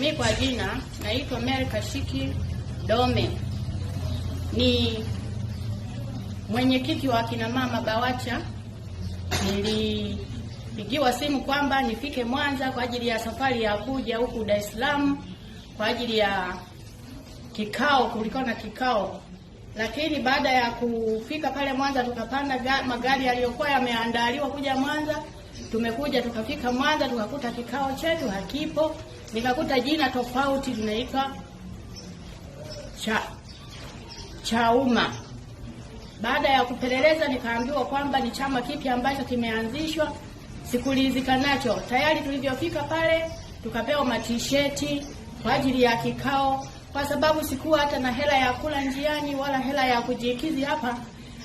Mi kwa jina naitwa Mary Kashiki Dome, ni mwenyekiti wa akina mama BAWACHA. Nilipigiwa simu kwamba nifike Mwanza kwa ajili ya safari ya kuja huku Dar es Salaam kwa ajili ya kikao, kulikuwa na kikao. Lakini baada ya kufika pale Mwanza, tukapanda magari yaliyokuwa yameandaliwa kuja Mwanza. Tumekuja tukafika Mwanza, tukakuta kikao chetu hakipo nikakuta jina tofauti linaitwa cha Chauma. Baada ya kupeleleza, nikaambiwa kwamba ni chama kipya ambacho kimeanzishwa, sikulizika nacho. Tayari tulivyofika pale, tukapewa matisheti kwa ajili ya kikao, kwa sababu sikuwa hata na hela ya kula njiani wala hela ya kujikizi hapa,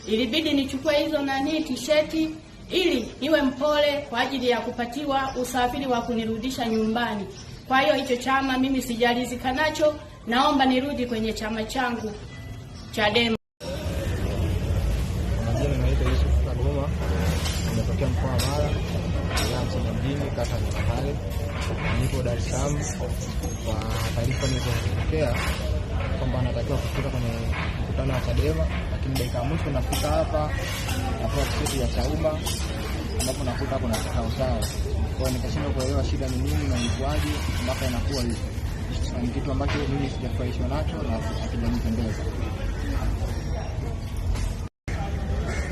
ilibidi nichukue hizo nani tisheti ili niwe mpole kwa ajili ya kupatiwa usafiri wa kunirudisha nyumbani. Kwa hiyo hicho chama mimi sijalizika nacho, naomba nirudi kwenye chama changu Chadema. Nimetokea mkoa wa Mara, wilaya Msoma kata ya Nyamahale. Nipo Dar es Salaam kwa taarifa nilizopokea kwamba anatakiwa kufika kwenye mkutano wa Chadema, lakini dakika ya mwisho nafika hapa, napewa tiketi ya Chauma ambapo nakuta kuna kikao chao kwa nikashindwa kuelewa shida ni nini na ikuaje mpaka inakuwa hivi. Ni kitu ambacho mimi sijafurahishwa nacho na hakijanipendeza.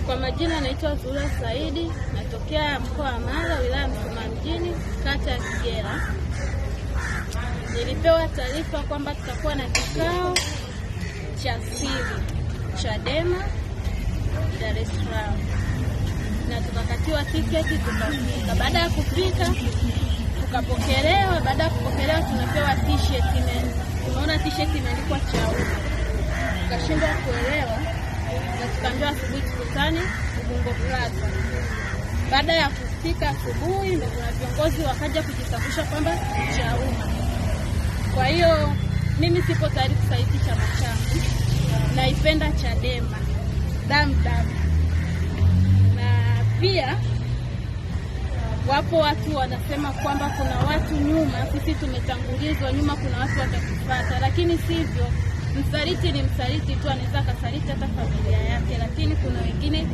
Kwa majina naitwa Zura Saidi, natokea mkoa wa Mara, wilaya ya Msoma mjini, kata ya Kigera. Nilipewa taarifa kwamba tutakuwa na kikao cha siri Chadema Dar es Salaam na tukakatiwa tiketi tukafika. Baada ya kufika tukapokelewa. Baada ya kupokelewa, tumepewa t-shirt, tumeona t-shirt imeandikwa CHAUMMA, tukashindwa kuelewa na tukaambiwa asubuhi tukutane Ubungo Plaza. Baada ya kufika asubuhi, ndio kuna viongozi wakaja kujisafisha kwamba CHAUMMA. Kwa hiyo mimi sipo tayari kusaiti chama changu, naipenda CHADEMA damdam pia wapo watu wanasema kwamba kuna watu nyuma, sisi tumetangulizwa nyuma, kuna watu watakupata, lakini sivyo. Msaliti ni msaliti tu, anaweza akasaliti hata familia yake, lakini kuna wengine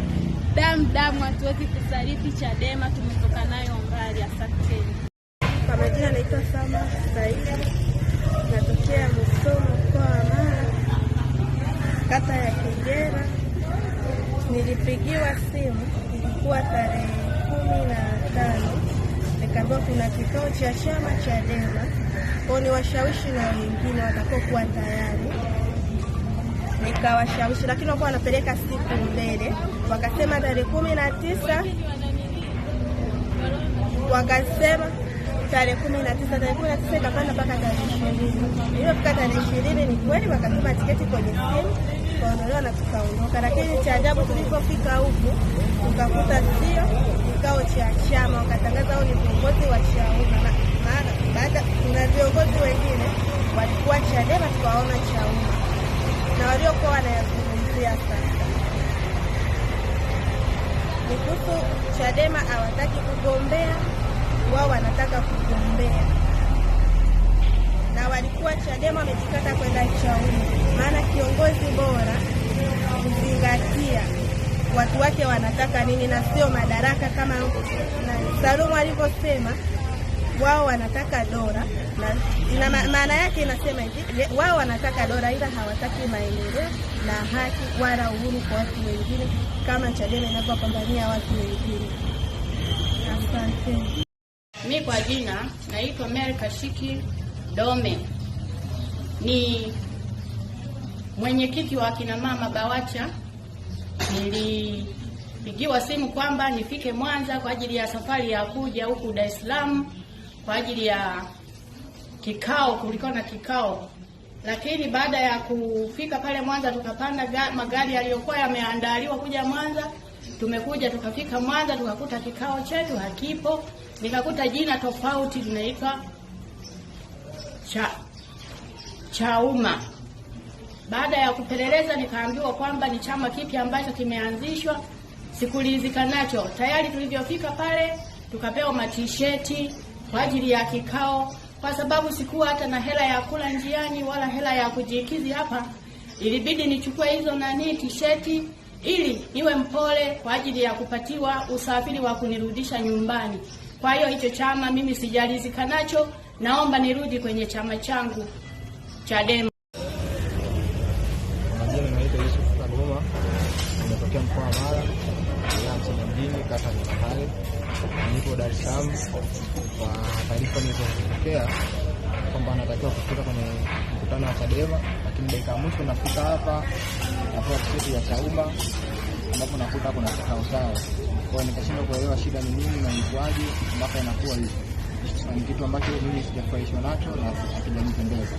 damu damu, hatuwezi kusaliti. Chadema tumetoka nayo mbali. Asanteni. Kwa majina anaitwa Sama Saidi, natokea Musoma, mkoa wa Mara, kata ya Kigera. Nilipigiwa simu ilikuwa tarehe kumi na tano nikaambiwa kuna kikao cha chama cha Dema kwao, ni washawishi na wengine watakaokuwa tayari nikawashawishi lakini wakuwa wanapeleka siku mbele, wakasema tarehe kumi na tisa wakasema tarehe kumi na tisa tarehe kumi na tisa ikapanda mpaka tarehe ishirini iliyofika tarehe ishirini ni kweli wakatuma tiketi kwenye simu tukaondolewa na tukaondoka, lakini cha ajabu tulipofika huku tukakuta sio kikao cha chama, wakatangaza hao ni viongozi wa CHAUMMA. Maana baada kuna viongozi wengine walikuwa CHADEMA tukawaona CHAUMMA na waliokuwa wanayazungumzia sasa ni kuhusu CHADEMA hawataki kugombea, wao wanataka kugombea na walikuwa Chadema wamejikata kwenda Chauma, maana kiongozi bora kuzingatia watu wake wanataka nini na sio madaraka kama Salumu alivyosema wao wanataka dora na maana yake inasema hivi, wao wanataka dora, ila hawataki maendeleo na haki wala uhuru kwa watu wengine, kama Chadema inavyopambania watu wengine. Asante. Mi kwa jina naitwa Mary Kashiki Dome ni mwenyekiti wa akina mama BAWACHA. Nilipigiwa simu kwamba nifike Mwanza kwa ajili ya safari ya kuja huku Dar es Salaam kwa ajili ya kikao, kulikuwa na kikao. Lakini baada ya kufika pale Mwanza, tukapanda magari yaliyokuwa yameandaliwa kuja Mwanza. Tumekuja tukafika Mwanza, tukakuta kikao chetu hakipo, nikakuta jina tofauti linaitwa cha umma. Baada ya kupeleleza, nikaambiwa kwamba ni chama kipya ambacho kimeanzishwa, sikulizika nacho. Tayari tulivyofika pale, tukapewa matisheti kwa ajili ya kikao, kwa sababu sikuwa hata na hela ya kula njiani wala hela ya kujikizi hapa, ilibidi nichukue hizo nani tisheti ili niwe mpole kwa ajili ya kupatiwa usafiri wa kunirudisha nyumbani. Kwa hiyo hicho chama mimi sijalizika nacho naomba nirudi kwenye chama changu Chadema. Majina naitwa Yusuf Kagoma, nimetokea mkoa wa Mara, wilaya Msoma kata ya Nyamahari, nipo Dar es Salaam. Kwa taarifa nilizopokea kwamba anatakiwa kufika kwenye mkutano wa Chadema, lakini dakika ya mwisho nafika hapa, napewa tiketi ya Chauma ambapo nakuta kuna kikao chao kwao, nikashindwa kuelewa shida ni nini na ilikuwaje mpaka inakuwa hivi ni kitu ambacho mimi sijafurahishwa nacho na hakijanipendeza.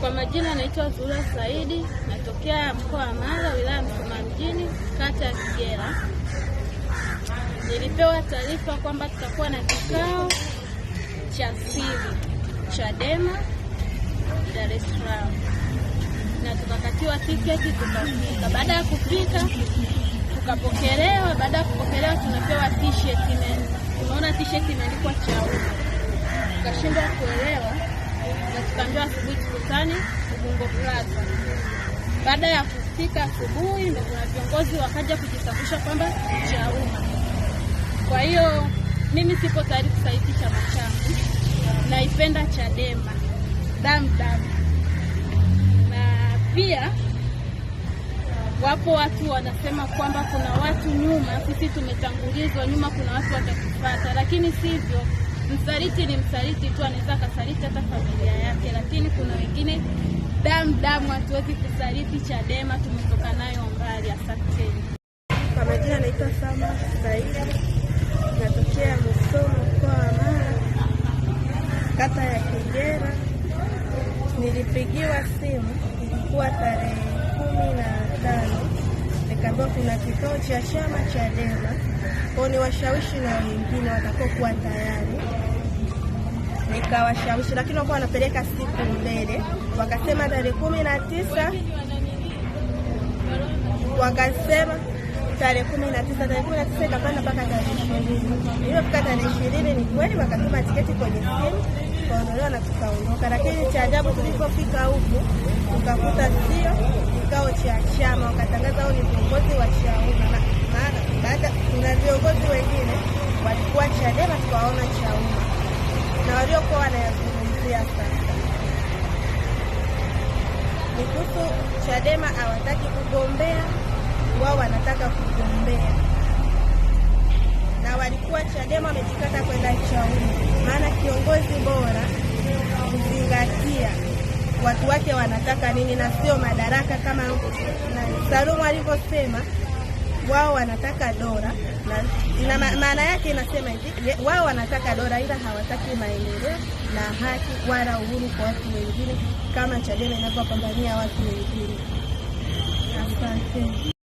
Kwa majina naitwa Zura Saidi, natokea mkoa wa Mara, wilaya ya Msoma mjini, kata ya Kigera. Nilipewa taarifa kwamba tutakuwa na kikao cha siri Chadema Dar es Salaam na tukakatiwa tiketi tukafika. Baada ya kufika tukapokelewa. Baada ya kupokelewa, tunapewa t-shirt, tunaona t-shirt imeandikwa Chauma, tukashindwa kuelewa na tukaambiwa asubuhi tukutane Ubungo Plaza. Baada ya kufika asubuhi, ndio kuna viongozi wakaja kujisafisha kwamba Chauma. Kwa hiyo mimi sipo tayari kusaiti chama changu, naipenda Chadema damdam, na pia Wapo watu wanasema kwamba kuna watu nyuma, sisi tumetangulizwa nyuma, kuna watu watakufata, lakini sivyo. Msaliti ni msaliti tu, anaweza akasaliti hata familia yake, lakini kuna wengine damu damu, hatuwezi kusaliti. Chadema tumetoka nayo mbali. Asanteni. Kwa majina anaitwa Sama Saidi, natokea Musoma, mkoa wa Mara, kata ya Kigera. Nilipigiwa simu, ilikuwa tarehe kumi na tano nikaambiwa kuna kikao cha chama cha Dema kwao ni washawishi na wengine watakokuwa tayari, nikawashawishi lakini wakuwa wanapeleka siku mbele, wakasema tarehe kumi na tisa wakasema tarehe kumi na tisa tarehe kumi na tisa ikapanda mpaka tarehe ishirini iliyofika tarehe ishirini ni kweli wakatuma tiketi kwenye simu tukaondolewa na tukaondoka, lakini cha ajabu tulipofika huku tukakuta sio ambao ni viongozi wa CHAUMMA, maana kuna viongozi wengine walikuwa CHADEMA tukawaona CHAUMMA na waliokuwa wanayazungumzia sasa ni kuhusu CHADEMA hawataki kugombea, wao wanataka kugombea, na walikuwa CHADEMA wamejikata kwenda CHAUMMA, maana kiongozi bora kuzingatia watu wake wanataka nini na sio madaraka kama Salumu alivyosema. Wao wanataka dola na maana yake inasema hivi, wao wanataka dola, ila hawataki maendeleo na haki wala uhuru kwa watu wengine, kama Chadema inavyopambania watu wengine. Asante.